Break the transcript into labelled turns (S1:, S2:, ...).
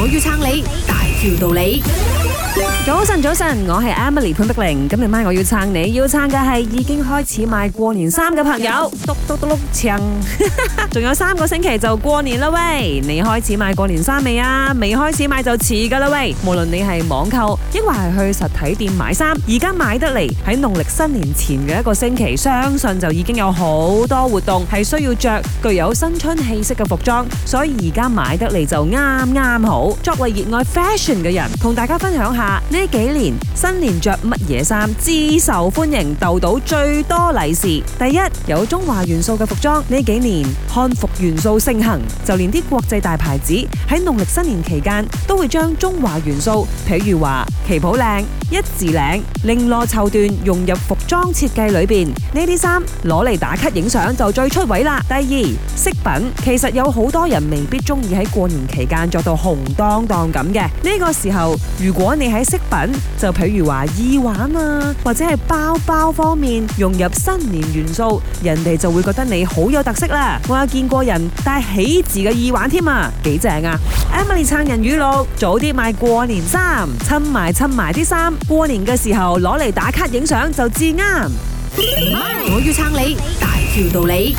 S1: 我要撐你。條道理，早晨早晨，我係 Emily 潘碧玲，今日晚我要撐你，要撐嘅係已經開始買過年衫嘅朋友，嘟嘟嘟碌撐，仲 有三個星期就過年啦喂，你開始買過年衫未啊？未開始買就遲噶啦喂，無論你係網購，亦或係去實體店買衫，而家買得嚟喺農曆新年前嘅一個星期，相信就已經有好多活動係需要着具有新春氣息嘅服裝，所以而家買得嚟就啱啱好，作為熱愛 fashion。嘅人同大家分享下呢幾年新年着乜嘢衫至受歡迎，逗到最多利是。第一，有中華元素嘅服裝。呢幾年漢服元素盛行，就連啲國際大牌子喺農曆新年期間都會將中華元素，譬如話旗袍靚、一字領、綾羅綢緞融入服裝設計裏邊，呢啲衫攞嚟打卡影相就最出位啦。第二飾品，其實有好多人未必中意喺過年期間着到紅當當咁嘅。呢個時候，如果你喺飾品，就譬如話耳環啊，或者係包包方面融入新年元素，人哋就會覺得你好有特色啦。我有見過人戴喜字嘅耳環添啊，幾正啊！Emily 撐人語錄，早啲買過年衫，襯埋襯埋啲衫。過年嘅時候攞嚟打卡影相就至啱，Hi. 我要撐你，大條道理。